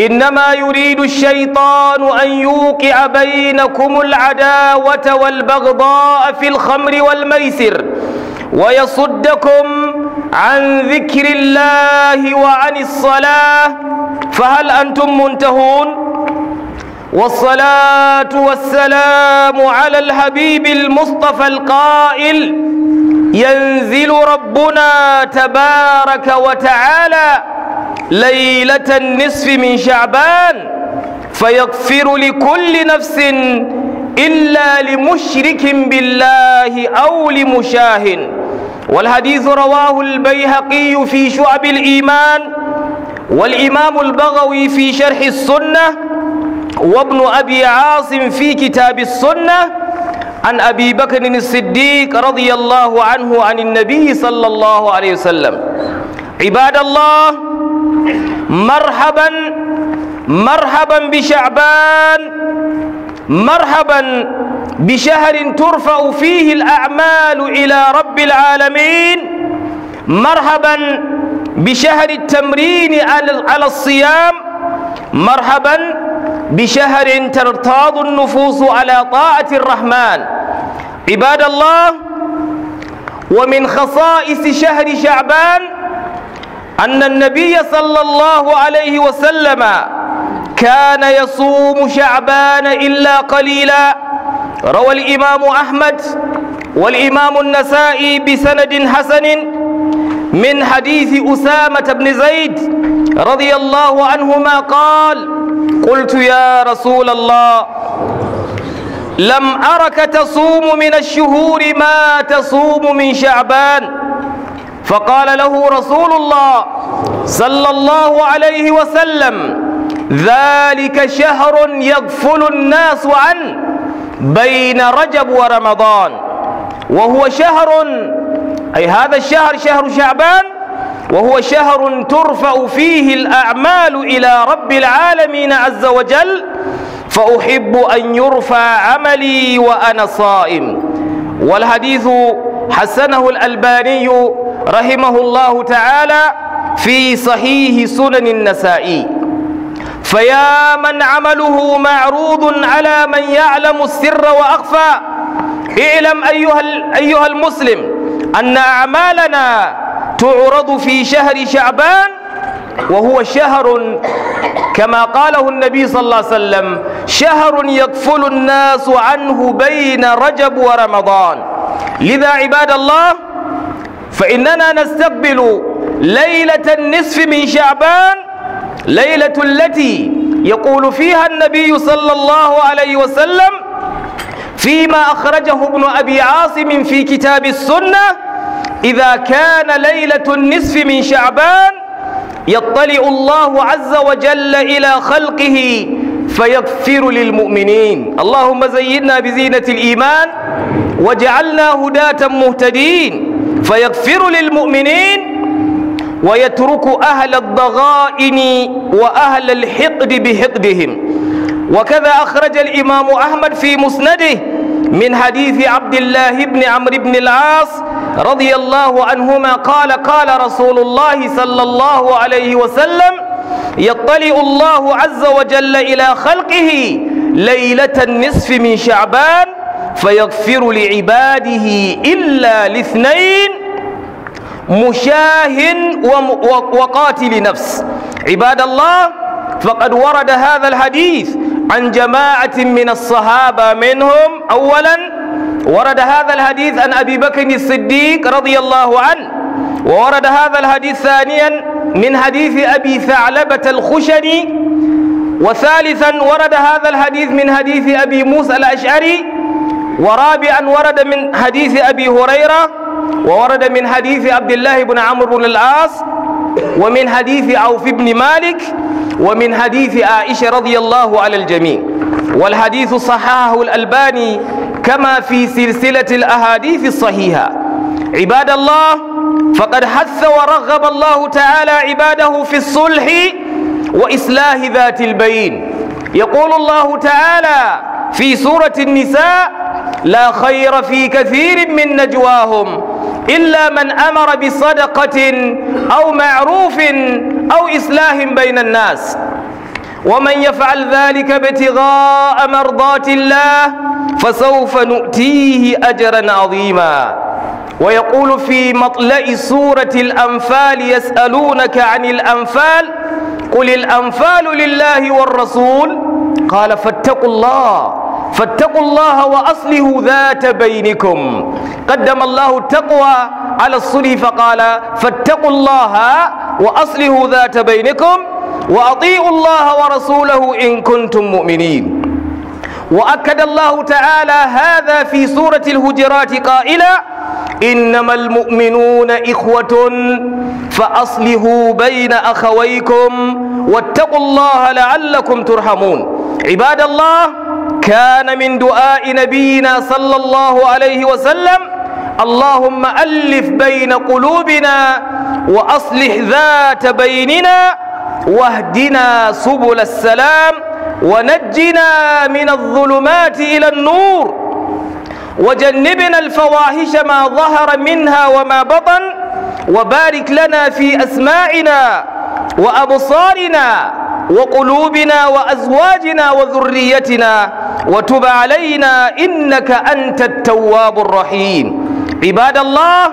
إنما يريد الشيطان أن يوقع بينكم العداوة والبغضاء في الخمر والميسر ويصدكم عن ذكر الله وعن الصلاة فهل أنتم منتهون والصلاة والسلام على الحبيب المصطفى القائل ينزل ربنا تبارك وتعالى ليلة النصف من شعبان فيغفر لكل نفس إلا لمشرك بالله أو لمشاه والحديث رواه البيهقي في شعب الإيمان والإمام البغوي في شرح السنة وابن أبي عاصم في كتاب السنة عن أبي بكر الصديق رضي الله عنه عن النبي صلى الله عليه وسلم عباد الله مرحبا مرحبا بشعبان مرحبا بشهر ترفع فيه الأعمال إلى رب العالمين مرحبا بشهر التمرين على الصيام مرحبا بشهر ترتاض النفوس على طاعة الرحمن عباد الله ومن خصائص شهر شعبان أن النبي صلى الله عليه وسلم كان يصوم شعبان إلا قليلا روى الإمام أحمد والإمام النسائي بسند حسن من حديث أسامة بن زيد رضي الله عنهما قال قلت يا رسول الله لم أرك تصوم من الشهور ما تصوم من شعبان فقال له رسول الله صلى الله عليه وسلم ذلك شهر يغفل الناس عنه بين رجب ورمضان وهو شهر أي هذا الشهر شهر شعبان وهو شهر ترفع فيه الأعمال إلى رب العالمين عز وجل فأحب أن يرفع عملي وأنا صائم والحديث حسنه الألباني رحمه الله تعالى في صحيح سنن النسائي فيا من عمله معروض على من يعلم السر وأخفى اعلم أيها, أيها المسلم أن أعمالنا تعرض في شهر شعبان وهو شهر كما قاله النبي صلى الله عليه وسلم شهر يغفل الناس عنه بين رجب ورمضان لذا عباد الله فإننا نستقبل ليلة النصف من شعبان ليلة التي يقول فيها النبي صلى الله عليه وسلم فيما أخرجه ابن أبي عاصم في كتاب السنة إذا كان ليلة النصف من شعبان يطلع الله عز وجل إلى خلقه فيغفر للمؤمنين اللهم زينا بزينة الإيمان وجعلنا هداة مهتدين فيغفر للمؤمنين ويترك أهل الضغائن وأهل الحقد بحقدهم وكذا أخرج الإمام أحمد في مسنده من حديث عبد الله بن عمرو بن العاص رضي الله عنهما قال قال رسول الله صلى الله عليه وسلم يطلع الله عز وجل إلى خلقه ليلة النصف من شعبان فيغفر لعباده إلا لاثنين مشاه وقاتل نفس عباد الله فقد ورد هذا الحديث عن جماعة من الصحابة منهم أولا ورد هذا الحديث عن أبي بكر الصديق رضي الله عنه وورد هذا الحديث ثانيا من حديث أبي ثعلبة الخشني وثالثا ورد هذا الحديث من حديث أبي موسى الأشعري ورابعا ورد من حديث أبي هريرة وورد من حديث عبد الله بن عمرو بن العاص ومن حديث عوف بن مالك ومن حديث عائشة رضي الله على الجميع والحديث صححه الألباني كما في سلسلة الأحاديث الصحيحة عباد الله فقد حث ورغب الله تعالى عباده في الصلح وإصلاح ذات البين يقول الله تعالى في سورة النساء لا خير في كثير من نجواهم إلا من أمر بصدقة أو معروف أو إصلاح بين الناس ومن يفعل ذلك ابتغاء مرضات الله فسوف نؤتيه أجرا عظيما ويقول في مطلع سورة الأنفال يسألونك عن الأنفال قل الأنفال لله والرسول قال فاتقوا الله فاتقوا الله وأصلحوا ذات بينكم قدم الله التقوى على الصلح فقال فاتقوا الله وأصلحوا ذات بينكم وأطيعوا الله ورسوله إن كنتم مؤمنين وأكد الله تعالى هذا في سورة الهجرات قائلا إنما المؤمنون إخوة فأصلحوا بين أخويكم واتقوا الله لعلكم ترحمون عباد الله كان من دعاء نبينا صلى الله عليه وسلم اللهم ألف بين قلوبنا وأصلح ذات بيننا واهدنا سبل السلام ونجنا من الظلمات إلى النور وجنبنا الفواحش ما ظهر منها وما بطن وبارك لنا في أسماعنا وأبصارنا وقلوبنا وأزواجنا وذريتنا وتب علينا إنك أنت التواب الرحيم عباد الله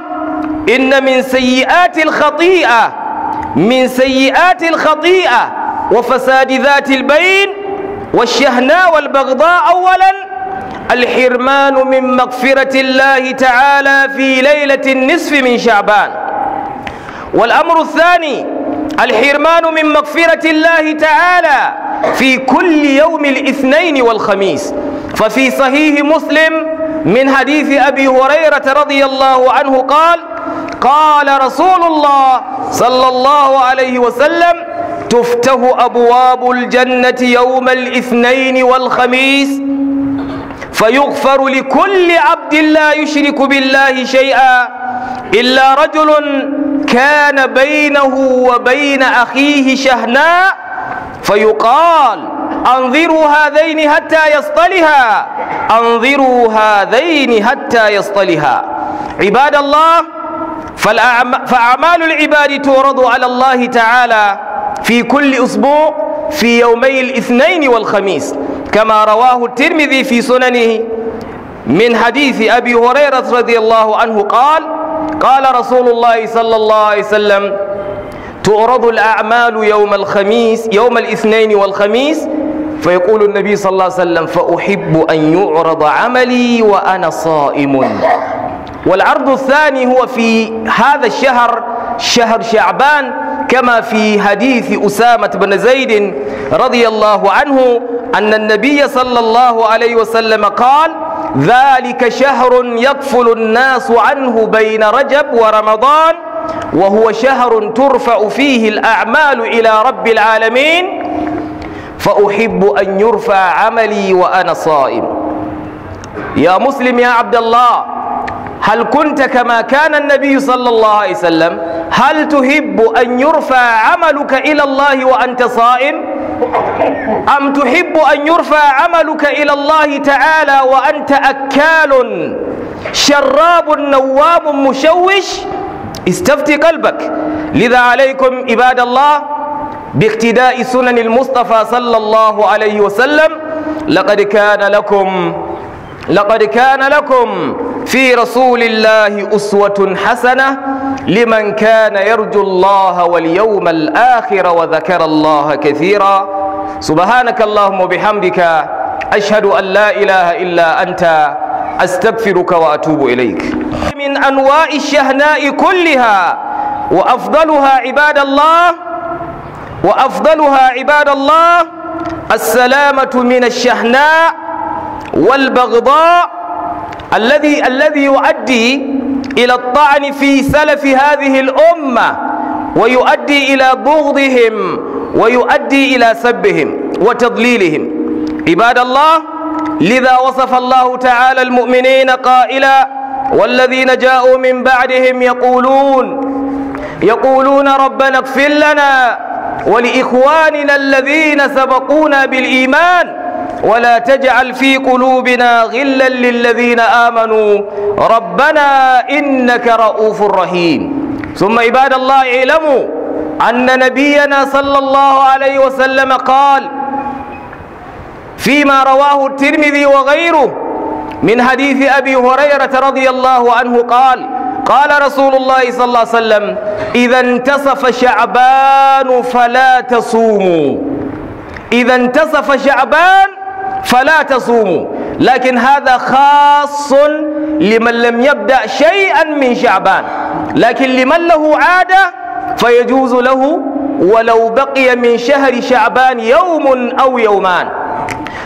إن من سيئات الخطيئة من سيئات الخطيئة وفساد ذات البين والشهناء والبغضاء أولا الحرمان من مغفرة الله تعالى في ليلة النصف من شعبان والأمر الثاني الحرمان من مغفرة الله تعالى في كل يوم الاثنين والخميس ففي صحيح مسلم من حديث أبي هريرة رضي الله عنه قال قال رسول الله صلى الله عليه وسلم تفتح أبواب الجنة يوم الاثنين والخميس فيغفر لكل عبد لا يشرك بالله شيئا إلا رجل كان بينه وبين أخيه شهناء فيقال أنظروا هذين حتى يصطلها أنظروا هذين حتى يصطلها عباد الله فأعمال العباد تورد على الله تعالى في كل أسبوع في يومي الاثنين والخميس كما رواه الترمذي في سننه من حديث أبي هريرة رضي الله عنه قال قال رسول الله صلى الله عليه وسلم تعرض الأعمال يوم الخميس يوم الاثنين والخميس فيقول النبي صلى الله عليه وسلم فأحب أن يعرض عملي وأنا صائم والعرض الثاني هو في هذا الشهر شهر شعبان كما في حديث أسامة بن زيد رضي الله عنه أن النبي صلى الله عليه وسلم قال ذلك شهر يقفل الناس عنه بين رجب ورمضان وهو شهر ترفع فيه الأعمال إلى رب العالمين فأحب أن يرفع عملي وأنا صائم يا مسلم يا عبد الله هل كنت كما كان النبي صلى الله عليه وسلم هل تحب أن يرفع عملك إلى الله وأنت صائم؟ أم تحب أن يرفع عملك إلى الله تعالى وأنت أكال شراب نواب مشوش استفتي قلبك لذا عليكم عباد الله باقتداء سنن المصطفى صلى الله عليه وسلم لقد كان لكم لقد كان لكم في رسول الله أسوة حسنة لمن كان يرجو الله واليوم الآخر وذكر الله كثيرا سبحانك اللهم وبحمدك أشهد أن لا إله إلا أنت أستغفرك وأتوب إليك من أنواع الشهناء كلها وأفضلها عباد الله وأفضلها عباد الله السلامة من الشحناء والبغضاء الذي الذي يؤدي إلى الطعن في سلف هذه الأمة ويؤدي إلى بغضهم ويؤدي إلى سبهم وتضليلهم عباد الله لذا وصف الله تعالى المؤمنين قائلا والذين جاءوا من بعدهم يقولون يقولون ربنا اغفر لنا ولإخواننا الذين سبقونا بالإيمان ولا تجعل في قلوبنا غلا للذين آمنوا ربنا إنك رؤوف رحيم ثم عباد الله اعلموا أن نبينا صلى الله عليه وسلم قال فيما رواه الترمذي وغيره من حديث أبي هريرة رضي الله عنه قال قال رسول الله صلى الله عليه وسلم إذا انتصف شعبان فلا تصوموا إذا انتصف شعبان فلا تصوموا لكن هذا خاص لمن لم يبدأ شيئا من شعبان لكن لمن له عادة فيجوز له ولو بقي من شهر شعبان يوم أو يومان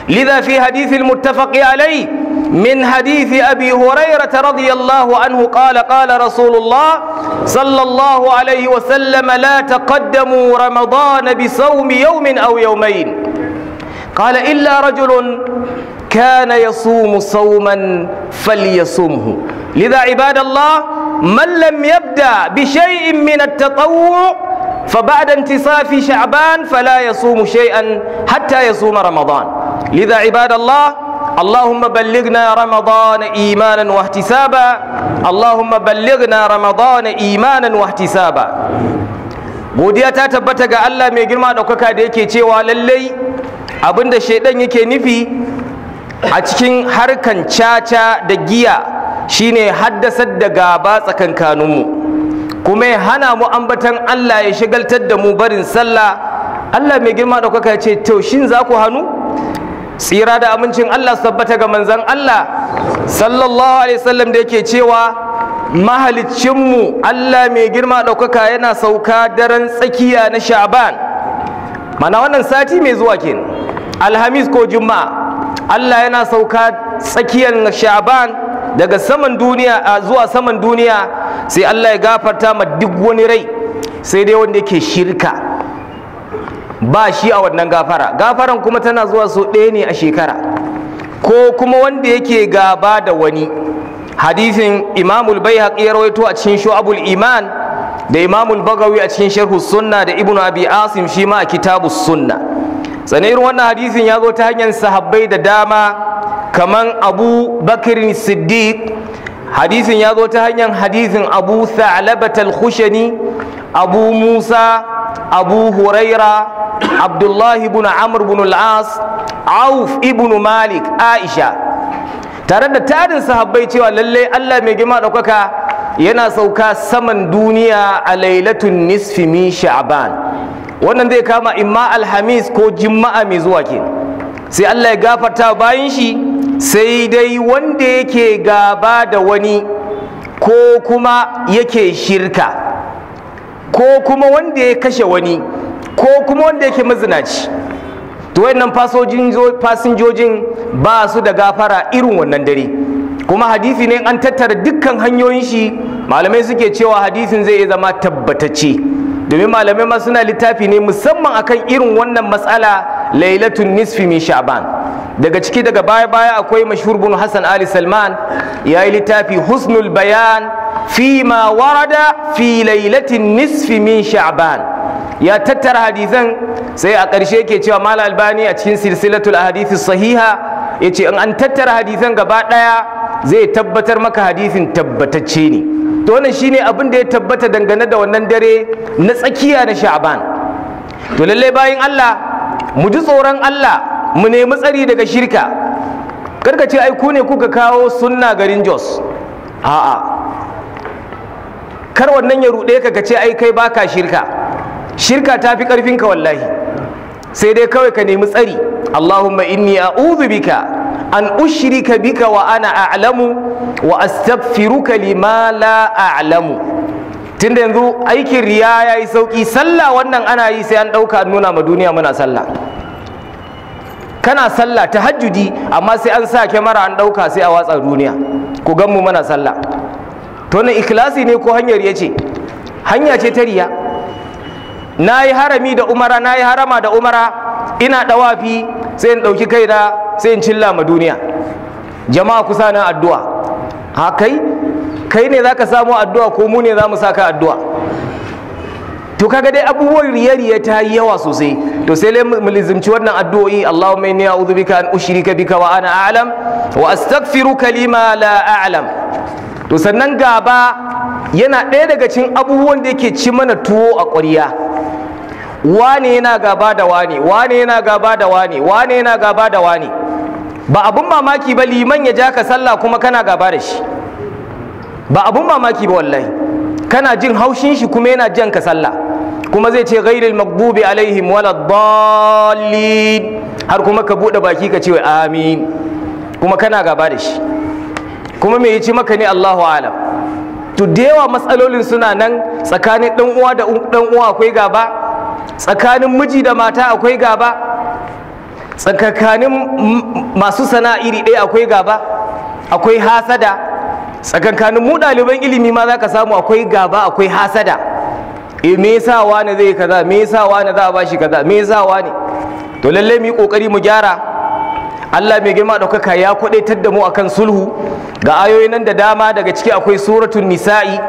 لذا في حديث المتفق عليه من حديث أبي هريرة رضي الله عنه قال قال رسول الله صلى الله عليه وسلم لا تقدموا رمضان بصوم يوم أو يومين قال إلا رجل كان يصوم صوما فليصومه لذا عباد الله من لم يبدأ بشيء من التطوع فبعد انتصاف شعبان فلا يصوم شيئا حتى يصوم رمضان لذا عباد الله اللهم بلغنا رمضان إيمانا واحتسابا اللهم بلغنا رمضان إيمانا واحتسابا godiya ta tabbata ga Allah mai girma ɗaukaka da yake cewa lallai abinda shaidan yake nufi a cikin harkan caca da giya shine haddasar da gaba tsakankaninmu kuma ya hana mu ambatan Allah ya shigaltar da mu barin sallah Allah mai girma da kuka ce to shin za ku hannu tsira da amincin Allah su tabbata ga manzon Allah sallallahu alaihi wasallam da yake cewa mu Allah mai girma da kuka yana sauka daren tsakiya na sha'ban mana wannan sati mai zuwa kenan alhamis ko juma'a Allah yana sauka tsakiyar sha'ban daga saman duniya zuwa saman duniya sai Allah ya gafarta ma duk wani rai sai dai wanda yake shirka ba shi a wannan gafara gafaran kuma tana zuwa so ɗaya ne a shekara ko kuma wanda yake gaba da wani hadisin imamul bai ya rawaito a cikin shu'abul iman da imamul bagawi a cikin sharhu sunna da ibnu abi asim shi ma a kitabus sunna Sani irin wannan hadisin ya zo ta hanyar sahabbai da dama kamar abu Bakir siddiq hadisin ya zo ta hanyar hadisin abu sa'labat al-khushani abu musa abu huraira abdullahi ibn amr ibn al-as auf ibn malik aisha tare da tarin sahabbai cewa lalle Allah mai girma ɗaukaka yana sauka saman duniya a lailatun nisfi min sha'ban wannan zai kama imma alhamis ko juma'a mai zuwa ke sai Allah ya gafarta bayan shi sai dai wanda yake gaba da wani ko kuma yake shirka ko kuma wanda ya kashe wani ko kuma wanda yake mazinaci to wayannan fasinjojin ba su da gafara irin wannan dare kuma hadisi ne an tattara dukkan hanyoyin shi malamai suke cewa hadisin zai iya zama tabbatacce domin malamai ma suna littafi ne musamman akan irin wannan matsala lailatul nisfi min sha'ban daga ciki daga baya baya akwai mashhur bin hasan ali salman ya yi littafi husnul bayan fi ma warada fi lailatul nisfi min sha'ban ya tattara hadizan sai a ƙarshe ke cewa mala albani a cikin silsilatul ahadithi sahiha ya ce in an tattara hadizan gaba ɗaya zai tabbatar maka hadisin tabbatacce ne to wannan shine abin da ya tabbata dangane da wannan dare na tsakiya na sha'ban to lallai bayan Allah mu ji tsoron Allah mu nemi tsari daga shirka karka ce ai ku ne kuka kawo sunna garin Jos a'a kar wannan ya ruɗe ka ce ai kai baka shirka shirka ta fi ka wallahi sai dai kawai ka nemi tsari Allahumma inni a'udhu bika an ushrika bika wa ana a'lamu wa astaghfiruka lima la a'lamu tunda yanzu aikin riya yayi sauki sallah wannan ana yi sai an ɗauka an nuna ma duniya muna sallah kana sallah tahajjudi amma sai an sa kyamara an ɗauka sai a watsa duniya ku gan mu muna sallah to na ikhlasi ne ko hanyar ya ce hanya ce ta riya na yi harami da umara na yi harama da umara ina ɗawafi, sai in ɗauki kaina sai in cilla ma duniya jama'a kusa na addu'a ha kai kai ne zaka samu addu'a ko mu ne za mu saka addu'a to kaga dai abubuwan riyariya ta yi yawa sosai to sai mu lizimci wannan addu'o'i Allahumma inni a'udhu bika an ushrika bika wa ana a'lam wa astaghfiruka lima la a'lam to sannan gaba yana ɗaya daga cikin abubuwan da yake ci mana tuwo a ƙwariya. wane yana gaba da wane wane yana gaba da wane wane yana gaba da wane ba abun mamaki ba liman ya ja ka sallah kuma kana gaba da shi ba abun mamaki ba wallahi kana jin haushin shi kuma yana jan ka sallah kuma zai ce ghairil maghdubi alaihim wala dallin har kuma ka bude baki ka ce wai amin kuma kana gaba da shi kuma me yace maka ne Allahu alam to da yawa matsalolin suna nan tsakanin dan uwa da dan uwa akwai gaba tsakanin miji da mata akwai gaba tsakakanin masu sana'a iri ɗaya akwai gaba akwai hasada tsakakanin mu ɗaliban ilimi ma za ka samu akwai gaba akwai hasada e me yasa wani zai kaza me yasa wani za a bashi kaza me yasa wani to lallai mu yi kokari mu gyara Allah mai girma ɗaukaka ya kwadaitar da mu akan sulhu ga ayoyi nan da dama daga ciki akwai suratul nisa'i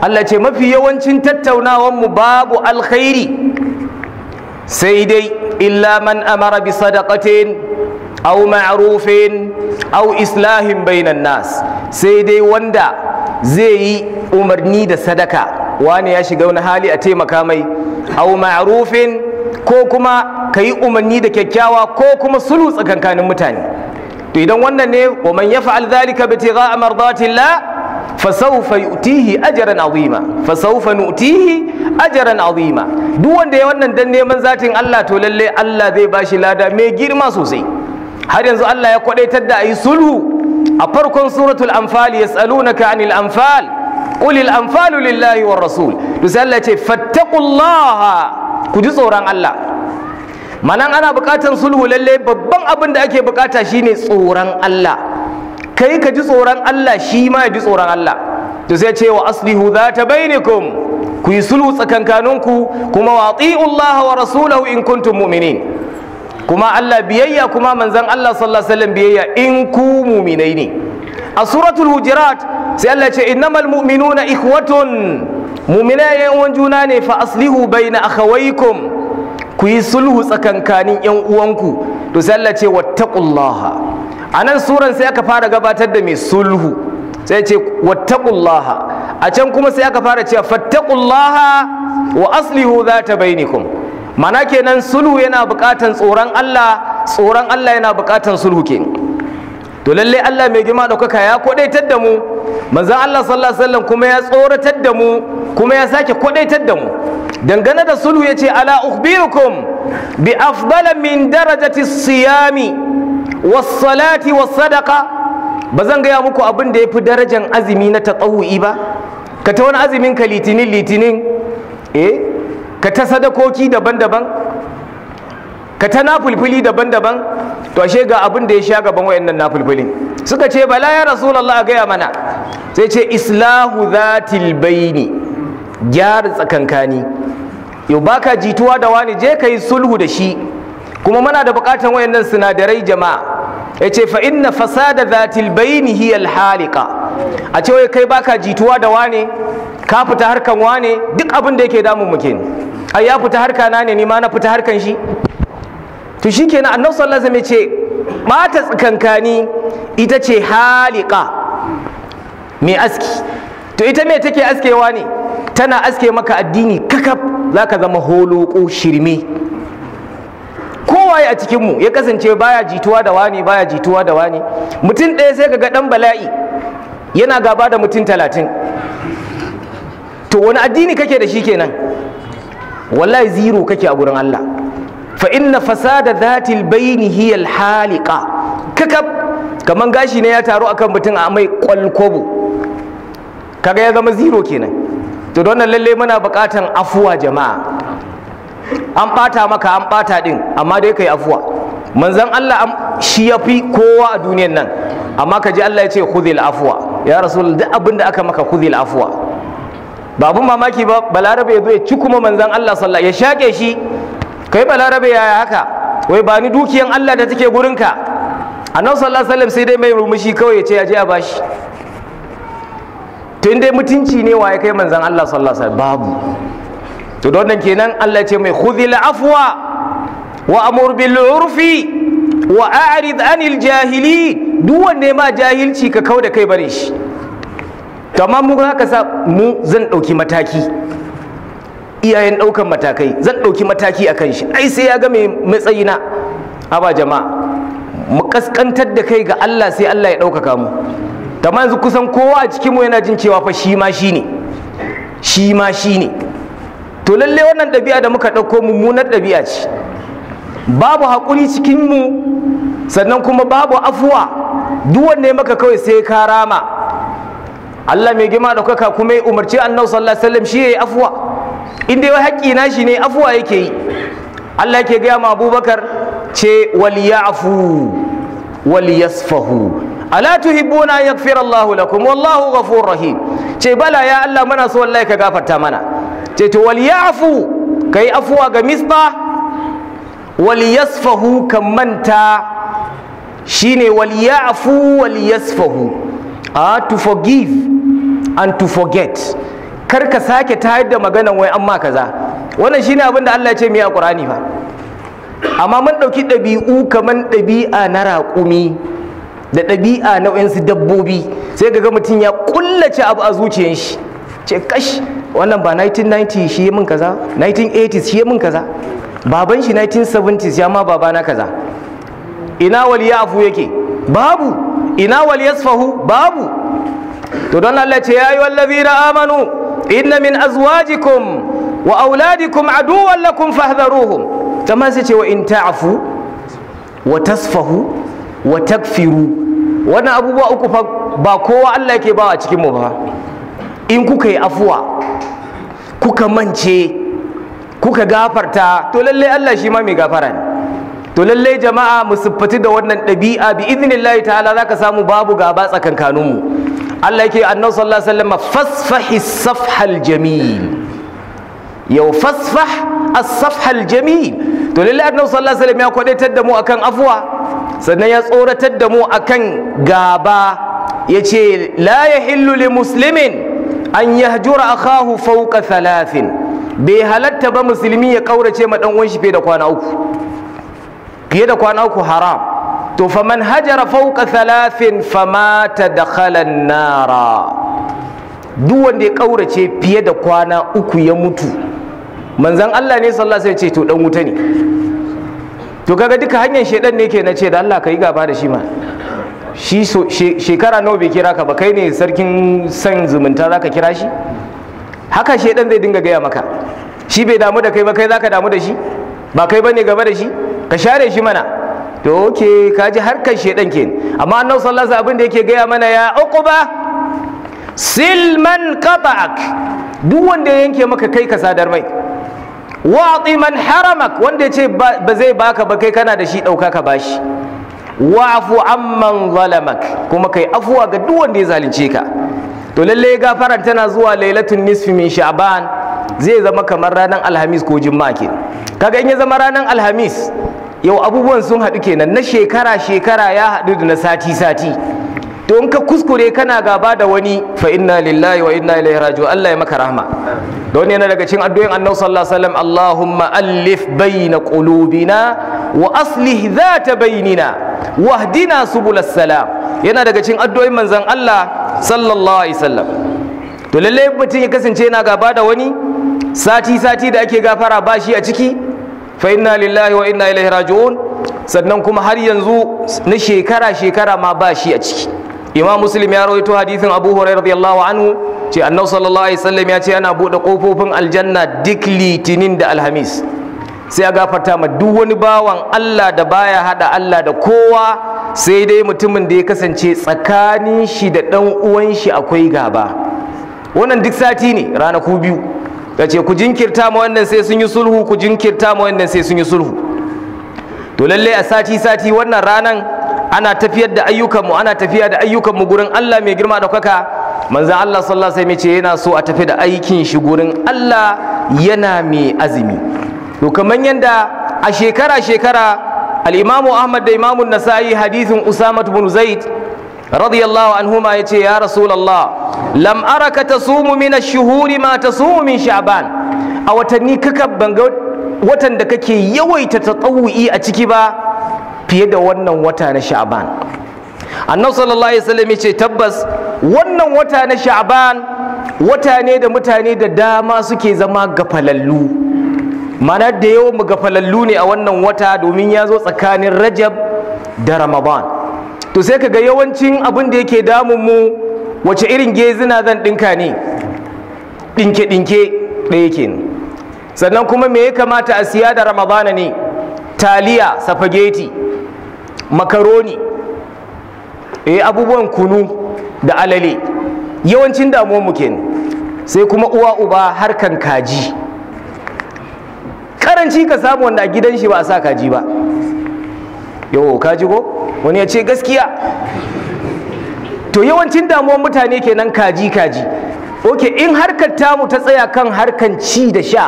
Allah ce mafi yawancin tattaunawan mu babu alkhairi sai dai illa man amara bi sadaqatin aw ma'rufin aw islahin bainan nas sai dai wanda zai yi umarni da sadaka wani ya shiga wani hali a taimaka mai aw ma'rufin ko kuma kayi umarni da kyakkyawa ko kuma sulu tsakankanin mutane to idan wannan ne wa man yaf'al dhalika bitigha'a mardatillah fasawfa yu'tihi ajran azima fasawfa nu'tihi ajran azima duk wanda ya wannan dan neman zatin Allah to lallai Allah zai bashi lada mai girma sosai har yanzu Allah ya kwadaitar da ayi sulhu a farkon suratul anfal yasalunaka anil anfal qul al anfalu lillahi war rasul to sai ce fattaqullaha ku ji tsoron Allah manan ana bukatan sulhu lallai babban abin da ake bukata shine tsoron Allah kai ka ji tsoron Allah shi ma ya ji tsoron Allah to sai ce wa aslihu ta bainakum ku yi sulhu tsakankaninku kuma wa Allah wa rasulahu in kuntum mu'minin kuma Allah biyayya kuma manzon Allah sallallahu alaihi wasallam biyayya in ku mu'minai ne a suratul hujurat sai Allah ce innamal mu'minuna ikhwatun mu'minai yan uwan juna ne fa aslihu baina akhawaykum ku yi sulhu tsakankanin yan uwanku to sai Allah ce wattaqullaha anan suran sai aka fara gabatar da mai sulhu sai ce wattaqullaha a can kuma sai aka fara cewa fattaqullaha wa aslihu zata bainakum mana kenan sulhu yana buƙatan tsoron Allah tsoron Allah yana buƙatan sulhu ke to lalle Allah mai girma ɗaukaka ya kwadaitar da mu manzon Allah sallallahu alaihi wasallam kuma ya tsoratar da mu kuma ya sake kwadaitar da mu dangane da sulhu yace ala ukhbirukum bi afdala min darajati siyami was salati was sadaqa ba zan gaya muku abin da ya fi darajan azumi na tatsawu'i ba ka ta wani azumin ka litinin litinin eh ka ta sadakoki daban-daban ka ta fulfuli daban-daban to ashe ga abin da ya sha gaban wayannan nafulfulin suka ce bala ya rasulullah gaya mana sai ce islahu zatil baini gyara tsakankani yau baka jituwa da wani je ka yi sulhu da shi kuma muna da bukatan wayannan sinadarai jama'a yace fa inna fasada zatil baini hiya hiyar halika a ce wai kai baka jituwa da wane ka fita harkan wane duk abin da yake damun muke kenan ai ya fita harka na ne ni ma na fita harkan shi to shikenan annabi sallallahu alaihi wasallam ce mata tsakankani ita ce halika mai aski to ita me take askewa ne tana aske maka addini kakaf ka zama holoko shirme kowaye a cikin mu ya kasance baya jituwa da wani baya jituwa da wani mutum ɗaya sai ga ɗan bala'i yana gaba da mutum talatin to wani addini kake da shi kenan wallahi ziro kake a gurin Allah fa inna fasada dhatil bayni hiya al haliqa kakab kaman gashi ne ya taru akan mutum a mai kwalkwabo kaga ya zama ziro kenan to don nan lalle muna buƙatan afuwa jama'a an ɓata maka an ɓata ɗin amma dai ka yi afuwa manzan Allah shi ya fi kowa a duniyan nan amma ka ji Allah ya ce khudhil afwa ya rasul duk abin da aka maka khudhil afwa Babu mamaki ba balarabe ya zo ya ci kuma manzan Allah sallallahu ya shake shi kai balarabe yaya haka wai ba ni dukiyan Allah da take gurinka annabi sallallahu alaihi wasallam sai dai mai rumushi kawai ya ce ya je a bashi tun dai mutunci ne waye kai manzan Allah sallallahu alaihi wasallam babu to don kenan Allah ce mai khudhil afwa wa amur bil urfi wa a'rid anil jahili duk wanda ma jahilci ka kau da kai bare shi to amma mu haka sa mu zan dauki mataki iyayen daukan matakai zan dauki mataki akan shi ai sai ya ga mai matsayina aba jama'a mu kaskantar da kai ga Allah sai Allah ya ɗaukaka mu ta yanzu kusan kowa a cikin mu yana jin cewa fa shi ma shi ne shi ma shi ne to lalle wannan ɗabi'a da muka ɗauko mummunar ɗabi'a ce babu hakuri cikin mu sannan kuma babu afuwa duk ya maka kawai sai ka rama Allah mai girma da kuka kuma ya umarci annabi sallallahu alaihi wasallam shi yayi afuwa Inda wai na shi ne afuwa yake yi Allah yake gaya ma Abubakar ce waliyafu waliyasfahu ala tuhibbuna an yaghfira Allahu lakum wallahu ghafurur rahim ce bala ya Allah muna so wallahi ka gafarta mana ce to wal ya'fu kai afuwa ga misfa. wal yasfahu manta shine wal ya'fu wal a ah, to forgive and to forget kar ka sake tayar da maganan wai amma kaza wannan shine abin da Allah ya ce mu yi a Qur'ani fa amma mun ɗauki ɗabi'u kaman ɗabi'a na raƙumi da ɗabi'a na wayansu dabbobi sai ga mutum ya kullace abu a zuciyar shi ce kashi wannan ba 1990 shi yi min kaza 1980s shi yi min kaza baban shi 1970s ya ma babana kaza ina waliya afu yake babu ina sfahu babu to don Allah ce ya yi wallazina amanu inna min azwajikum wa auladikum aduwwan lakum fahdharuhum tamam sai ce wa in ta'fu wa tasfahu wa takfiru wannan abubuwa uku fa ba kowa Allah yake ba a cikin mu ba in kuka yi afuwa kuka mance kuka gafarta to lallai Allah shi ma mai gafara ne to jama'a mu siffati da wannan ɗabi'a bi idnillahi ta'ala zaka samu babu gaba tsakankanin mu Allah yake annabi sallallahu alaihi wasallam fasfahi safhal jamil yau fasfah as-safhal jamil to lallai annabi sallallahu alaihi wasallam ya kwadaitar da mu akan afuwa sannan ya tsoratar da mu akan gaba yace la yahillu li muslimin an yahjura akahu fawqa thalathin bai halatta ba musulmi ya kaurace ma dan uwanshi fiye da kwana uku fiye da kwana uku haram to fa man hajara fawqa thalathin famata da an-nara duk wanda ya kaurace fiye da kwana uku ya mutu manzan Allah ne sallallahu alaihi wasallam ce to dan wuta ne to kaga duka hanyar shedan ne ke na ce da Allah ka yi gaba da shi ma shi shekara nawa bai kira ka ba kai ne sarkin san zumunta zaka kira shi haka dan zai dinga gaya maka shi bai damu da kai ba kai zaka damu da shi ba kai bane gaba da shi ka share shi mana to oke ka ji harkar shedan ke amma annabi sallallahu alaihi wasallam abin da yake gaya mana ya uquba silman qata'ak duk wanda ya yanke maka kai ka sadar mai wa'ti haramak wanda ya ce ba zai baka ba kai kana da shi dauka ka bashi wa'fu amman zalamak kuma kai afuwa ga duk wanda ya zalunce ka to lalle gafaran tana zuwa lailatul nisfi min sha'ban zai zama kamar ranar alhamis ko juma'a ke kaga in ya zama ranar alhamis yau abubuwan sun haɗu kenan na shekara shekara ya haɗu da na sati sati to in ka kuskure kana gaba da wani fa inna lillahi wa inna ilaihi raji'un Allah ya maka rahma don yana daga cikin addu'o'in Annabi sallallahu alaihi wasallam Allahumma allif baina qulubina wa aslih dhata bainina wahdina subulas salam yana daga cikin addu'o'in manzon Allah sallallahu alaihi wasallam to lalle mutum ya kasance yana gaba da wani sati sati da ake gafara ba shi a ciki fa inna lillahi wa inna ilaihi raji'un sannan kuma har yanzu na shekara shekara ma ba shi a ciki imam muslim ya rawaito hadisin abu hurairah radiyallahu anhu ce annabi sallallahu alaihi wasallam ya ce ana bude kofofin aljanna duk litinin da alhamis sai a gafarta ma duk wani bawan Allah da baya hada Allah da kowa sai dai mutumin da ya kasance tsakanin shi da dan uwan shi akwai gaba wannan duk sati ne ranaku biyu kace ku jinkirta ma wannan sai sun yi sulhu ku jinkirta ma wannan sai sun yi sulhu to lalle a sati sati wannan ranan ana tafiyar da ayyukan mu ana tafiya da ayyukan mu gurin Allah mai girma da kwaka manzo Allah sallallahu alaihi wasallam ce yana so a tafi da aikin shi gurin Allah yana mai azumi to kamar yadda a shekara shekara Alimamu ahmad da imamun nasa'i hadithin usama bin zaid radiyallahu anhuma yace ya rasulullah lam araka tasumu min ash-shuhuri ma tasumu min sha'ban a watanni kaka banga watan da kake yawaita tatawu'i a ciki ba fiye da wannan wata na sha'ban annabi sallallahu alaihi wasallam yace tabbas wannan wata na sha'ban wata ne da mutane da dama suke zama gafalallu mana da yawan mu ga falallu ne a wannan wata domin ya zo tsakanin rajab da ramadan to sai kaga yawancin abin da yake damun mu wace irin gezina zan dinka ne dinke dinke ɗaya kenan sannan kuma me ya kamata a siya da ramadan ne taliya safageti makaroni eh abubuwan kunu da alale yawancin damuwar mu kenan sai kuma uwa uba harkan kaji karanci ka samu wanda a gidan shi ba a sa kaji ba yau kaji ko wani ya ce gaskiya to yawancin damuwar mutane kenan kaji kaji ok in harkar tamu ta tsaya kan harkan ci da sha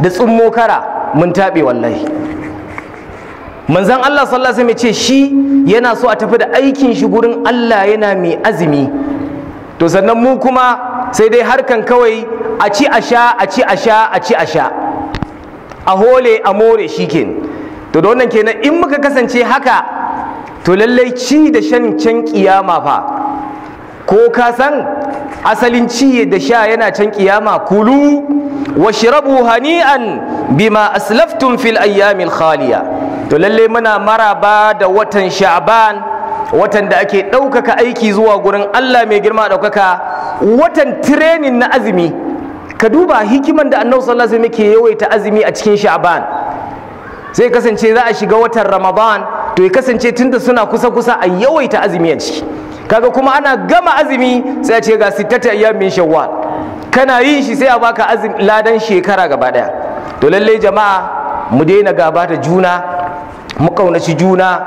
da tsummo kara mun taɓe wallahi manzan Allah sallallahu alaihi ce shi yana so a tafi da aikin shi gurin Allah yana mai azumi to sannan mu kuma sai dai harkan kawai a ci a sha a ci a sha a ci a sha a hole a more shi to da wannan kenan in muka kasance haka to lallai ci da shan can kiyama fa ko ka san asalin ci da sha yana can kiyama kulu washrabu hani'an bima aslaftum fil ayyamil khaliya to lallai muna maraba da watan sha'ban watan da ake ɗaukaka aiki zuwa gurin Allah mai girma ɗaukaka watan tirenin na azumi ka duba hikiman da annabi sallallahu alaihi wasallam yake yawaita azumi a cikin sha'ban sai kasance za a shiga watan ramadan to ya kasance tunda suna kusa kusa a yawaita azumi a ciki kaga kuma ana gama azumi sai a ce ga sittata min shawwal kana yin shi sai a baka azumi ladan shekara gaba daya to lallai jama'a mu daina gaba da juna mu kaunaci juna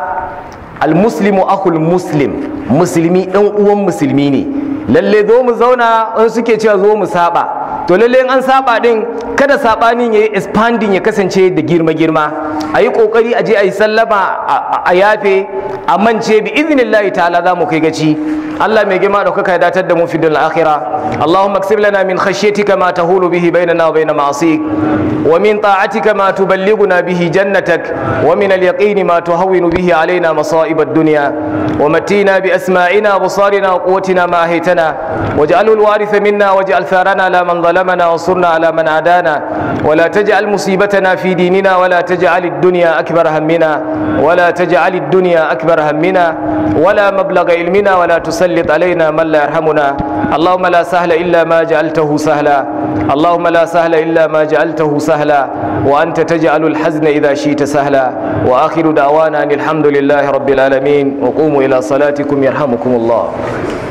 Al almuslimu akhul muslim musulmi dan uwan musulmi ne lalle zo mu zauna in suke cewa zo mu saba to lalle an saba din kada sabanin yayi expanding ya kasance da girma girma ayi kokari a yi sallama a yafe a mance bi idnillahi ta'ala za mu kai gaci Allah mai girma da kuka ya datar da mu fi dunya akhirah نعم. اللهم اكسب لنا من خشيتك ما تهول به بيننا وبين معصيك ومن طاعتك ما تبلغنا به جنتك ومن اليقين ما تهون به علينا مصائب الدنيا ومتينا بأسماعنا وبصارنا وقوتنا ما أهيتنا واجعله الوارث منا واجعل ثارنا على من ظلمنا وانصرنا على من عادانا ولا تجعل مصيبتنا في ديننا ولا تجعل الدنيا أكبر همنا ولا تجعل الدنيا أكبر همنا ولا مبلغ علمنا ولا تسلط علينا من لا يرحمنا اللهم لا سهل سهل إلا ما جعلته سهلا اللهم لا سهل إلا ما جعلته سهلا وأنت تجعل الحزن إذا شئت سهلا وآخر دعوانا أن الحمد لله رب العالمين وقوموا إلى صلاتكم يرحمكم الله